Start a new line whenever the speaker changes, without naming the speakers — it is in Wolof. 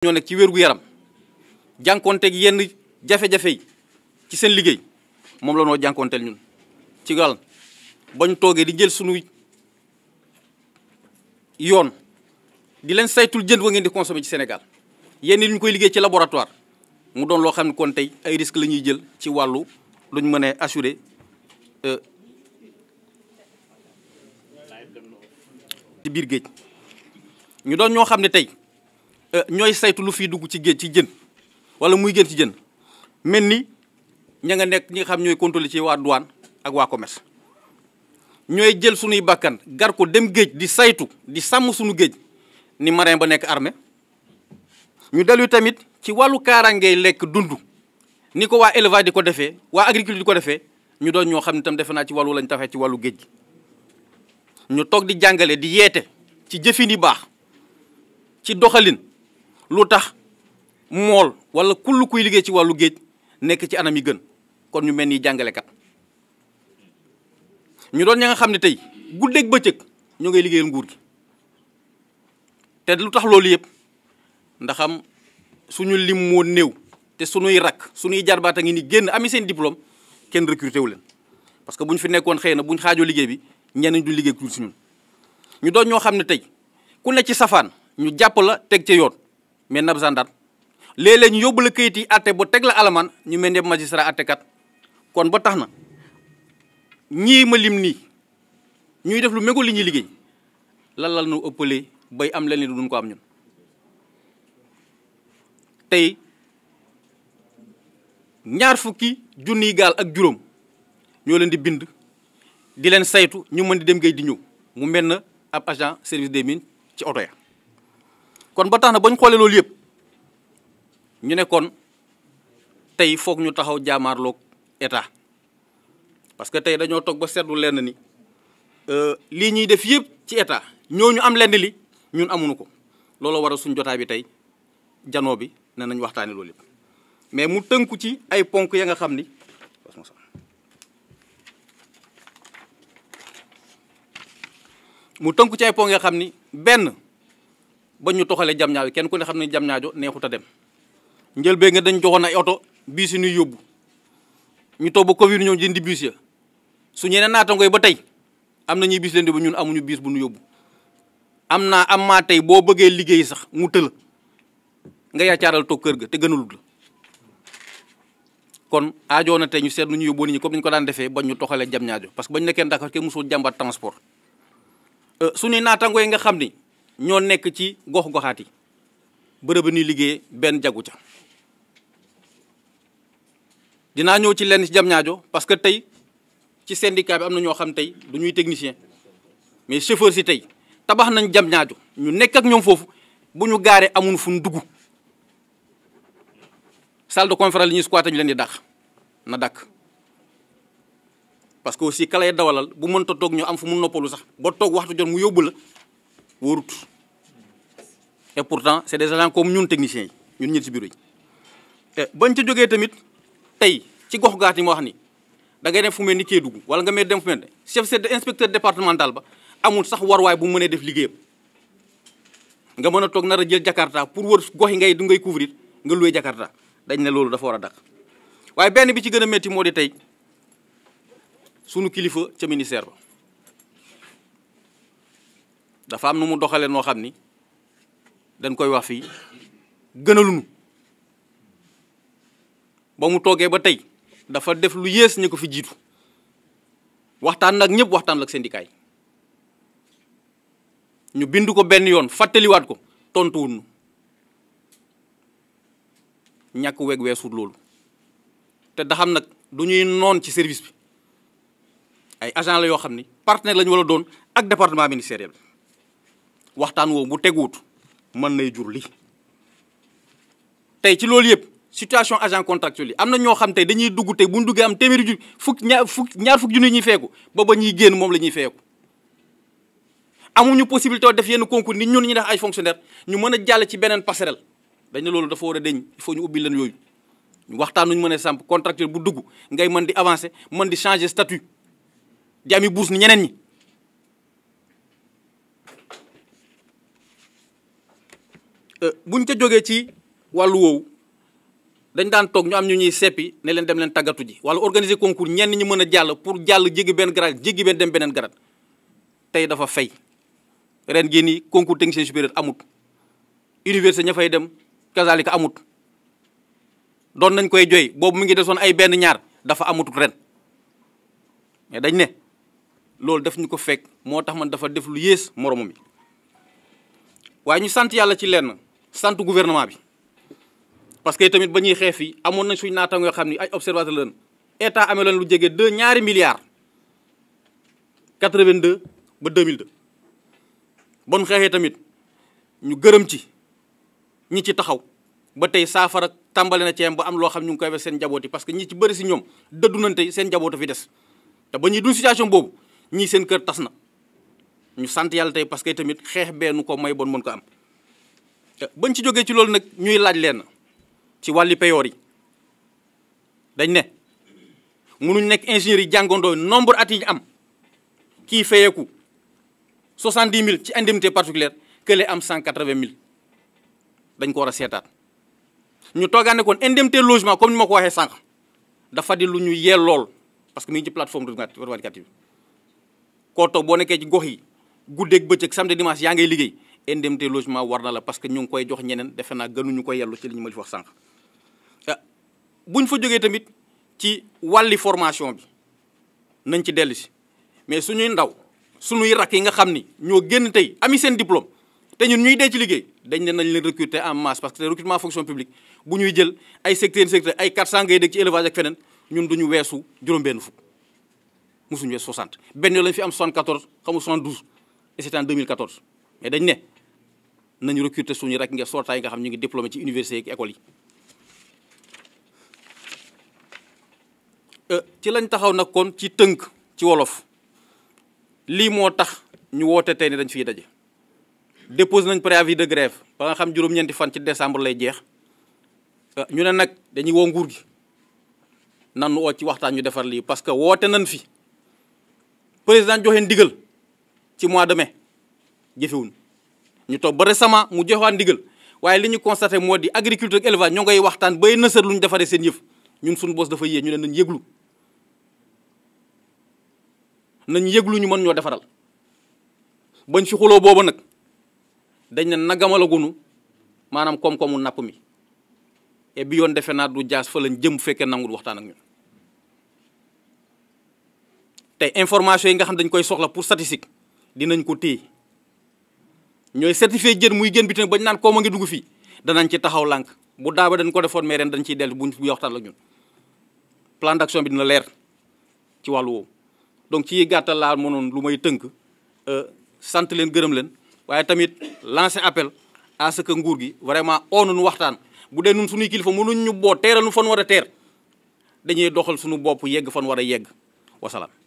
ñoo nekk ci wér-gu-yaram jànkoonteeg yenn jafe-jafe ci seen liggéey moom la noo jànkoonteel ñun ci gàll bañ toogee di jël suñuy yoon di leen saytul jën wa ngeen di consommer ci senegal yenn ñu koy liggéey ci laboratoire mu doon loo xam ne kon tey ay risques la ñuy jël ci wàllu luñ mën a assurer euh, ci biir géej ñu doon ñoo xam ne tey Euh, ñooy saytu lu fiy dugg ci géej ci jën wala muy gën ci jën mel ni ña nga nekk ñi xam ñooy contrôler ci waa duwaan ak waa commerce ñooy jël suñuy bakkan gar ko dem géej di saytu di sàmm suñu géej ni marin ba nekk armée ñu dellu tamit ci wàllu kaaraangey lekk dund ni ko waa élevage di ko defee waa agriculture di ko defee ñu doon ñoo xam ni tam defe naa ci wàllu lañ taxee ci wàllu géej gi ñu toog di jàngale di yeete ci jëfin yi baax ci doxalin lu tax mool wala kull kuy liggéey ci wàllu géej nekk ci anam yi gën kon ñu mel ni jàngalekat ñu doon ña nga xam ne tey gu guddeeg bëccëg ñu ngay liggéeyal nguur gi te lu tax loolu yëpp ndaxam suñu lim moo néew te su suñuy rakk suñuy jarbaat a ngi ni génn ami seen diplôme kenn recruté wu leen parce que bu ñu fi nekkoon xëy na bu ñu xaajoo liggéey bi ñeneen du liggéey ku si ñun ñu doon ñoo xam ne tey ku ne ci safaan ñu jàpp la teg ca yoon mais nab sandat léeg ñu yóbbu la kayit yi atte ba teg la alamaan ñu mel ne magistrat attekat kon ba tax na ñii ma lim nii ñuy def lu méngoo li ñuy liggéey lan la ñu ëppalee bay am leneen duñ ko am ñun tey ñaar fukki junniy gaal ak juróom ñoo leen di bind di leen saytu ñu mën di dem géej di ñëw mu mel na ab agent service des mines ci oto ya kon ba tax na bañ xoolee loolu yëpp ñu nekkoon tey foog ñu taxaw jaamaarloog état parce que tey dañoo toog ba seetlu lenn ni euh, lii ñuy def yëpp ci état ñooñu am lenn li ñun amuñu ko looloo waral suñu jotaay bi tey janoo bi ne nañ waxtaanee loolu yëpp mais mu tënku ci ay ponk ya nga xam ni. mu tënku ci ay ponk ya nga xam ni benn. bañ ñu toxalee jam ñaaw kenn ku ne xam ne jam ñaajo neexut a dem njëlbee nga dañ joxoon a oto biis yi ñuy yóbbu ñu toog ba Covid ñëw jëndi biis ya su ñeneen naatangooy ba tey am na ñuy biis leen ba ñun amuñu biis bu ñu yóbbu am naa am maa tey boo bëggee liggéey sax mu tëla nga yaacaaral kër ga te gënalul la kon aajoo na tey ñu seet nu ñu yóbboo nit ñi comme ni ñu defee bañ ñu toxalee jam ñaajo parce que bañ nekkee Dakar kenn musul jàmbat transport euh, suñuy yi nga xam ni ñoo nekk ci gox-goxaat yi bërëb ni liggéey benn jagu ca dinaa ñëw ci lenn jam ñaajo parce que tey ci syndicat bi am na ñoo xam tey du ñuy technicien mais chauffeur si tey tabax nañ ñaajo ñu nekk ak ñoom foofu bu ñu gaaree amun fu ñu dugg salle de conférence li ñuy squatter ñu leen di dàq na dàq parce que aussi ka lay dawalal bu mënta toog ñu am fu mu noppalu sax ba toog waxtu jot mu yóbbu la wóorut et pourtant c' est des comme ñun techniciens yi ñun ñit ci bureau yi bañ ca jógee tamit tey ci gox gaat yi ma ni da ngay dem fu mel ni Kédougou wala nga mel dem fu mel ne chef de inspecteur départemental ba amul sax warwaay bu mu mënee def liggéeyam nga mën a toog nar a jël jakarta pour wër gox yi ngay du ngay couvrir nga loué jakarta dañ ne loolu dafa war a dakk waaye benn bi ci gën a métti moo di tey sunu kilifa ca ministère ba dafa am nu mu doxalee noo xam ni dañ koy wax fii gënaluñu ba mu toogee ba tey dafa def lu yées ñu ko fi jiitu waxtaan nag ñëpp waxtaan ak syndicat yi ñu bind ko benn yoon fàttaliwaat ko tontuwunu ñàkk weeg weesuut loolu te daxam nag du ñuy noon ci service bi ay agent la yoo xam ne partenaire lañu ñu war a doon ak département ministériel waxtaan woowu bu teguwut mën nay jur li tey ci loolu yëpp situation agent contractuel yi am na ñoo xam tey dañuy dugg tey bu ñu duggee am téeméeri ju ñaar fukk ñaar fukk junni feeku ba ba ñuy génn moom la ñuy feeku amuñu possibilité def yenn concours ni ñun ñu def ay fonctionnaire ñu mën a jàll ci beneen passerelle dañ ne loolu dafa war a deñ il faut ñu ubbi leen yooyu ñu waxtaan ñu mën a samp contractuel bu dugg ngay mën di avancer man di changer statut di ami bourse ni ñeneen ñi Euh, buñ ca jógee ci wàllu woowu dañ daan toog ñu am ñu ñuy seppi ne leen dem leen tàggatu ji wala organiser concours ñenn ñi mën a jàll pour jàll jéggi benn grade jéggi benn dem beneen grade tey dafa fay ren gii nii concours technicien supérieur amut université ña fay dem kazalika amut doon nañ koy joy boobu mu ngi desoon ay benn ñaar dafa amutut ren mais dañ ne loolu daf ñu ko fekk moo tax man dafa def lu yées moromam yi waaye ñu sant yàlla ci lenn sant gouvernement bi parce que tamit ba ñuy xeex fii amoon na suñ naataango yoo xam ni ay observateur lañ état amee leen lu jege deux ñaari milliards 82 ba 2002 bon xeexee tamit ñu gërëm ci ñi ci taxaw ba tey saafara tàmbale na ceem ba am loo xam ñu ngi koy def seen njaboot yi parce que ñi ci bëri si ñoom dëddu nañ tey seen njaboot fi des te ba ñuy dund situation boobu ñii seen kër tas na ñu sant yàlla tey parce que tamit xeex bee nu ko may bon mën ko am. bañ ci jógee ci loolu nag ñuy laaj leen ci wàlli peyoor dañ ne mënuñ nekk ingénieurs yi jàngandoo nombre at yi ñu am kii fayeeku soixante dix mille ci indemnité particulière kële am cent quatre vingt mille dañ ko war a seetaat ñu toogaane kon indemnité logement comme ñu ma ko waxee sànq dafa di lu ñu yee lool parce que mi ngi ci plateforme at koo toog boo nekkee ci gox yi guddeeg bëccëg samedi dimanche yaa ngay liggéey indemnité logement war na la parce que ñu koy jox ñeneen defe naa gënuñu ko yellu ci li ñu ma wax sànq eh, buñ fa jógee tamit ci wàlli formation bi nañ ci dellu si mais suñuy ndaw suñuy rak yi nga xam ni ñoo génn tey ami seen diplôme te ñun ñuy dee ci liggéey dañ ne nañ leen recruter en masse parce que recrutement fonction publique bu ñuy jël ay secteur secteur ay 400 ngay dégg ci élevage ak feneen ñun duñu weesu juróom-benn fukk mu su 60 benn yoo lañ fi am 74 xamu 72 et c'était en 2014 dañ ne nañu recruter suñu rek nga sortaay yi nga xam ñu ngi diplômé ci université yi école yi euh, ci lañ taxaw nag kon ci tënk ci wolof lii moo tax ñu woote tey ne dañ fiy daje déposé nañ préavis de grève ba nga xam juróom-ñeenti fan ci décembre lay jeex euh, ñu ne nag dañuy woo nguur gi nan nu oo ci waxtaan ñu defar lii parce que woote nañ fi président joxe ndigal ci mois de mais jëfewuñ ñu toog ba sama mu joxewaat ndigal waaye li ñu constaté moo di agriculture ak élevage ñoo ngay waxtaan bay nësër lu ñu defaree seen yëf ñun suñu bos dafa yéeg ñu ne nañ yëglu nañ yëglu ñu mën ñoo defaral bañ si boobu nag dañ ne nagamalaguñu maanaam koom-koomu napp mi et bi yoon defe naa du jaas fa lañ jëm fekkee nangu waxtaan ak ñun te information yi nga xam dañ koy soxla pour statistique dinañ ko téye ñooy certifié jën muy jën bi bañ naan koo ma ngi dugg fii danañ ci taxaw lànk bu daaba dañ ko defoon mais ren dañ ciy dellu buñ waxtaan la ñun plan d'action bi dina leer ci wàllu woowu donc ci gàttal laa mënoon lu may tënk euh, sant leen gërëm leen waaye tamit lancer appel à ce que nguur gi vraiment oonu waxtaan bu dee nun suñuy kilifa mënuñ ñu boo teeral nu fan war a teer dañuy doxal sunu bopp yegg fan war a yegg wasalaam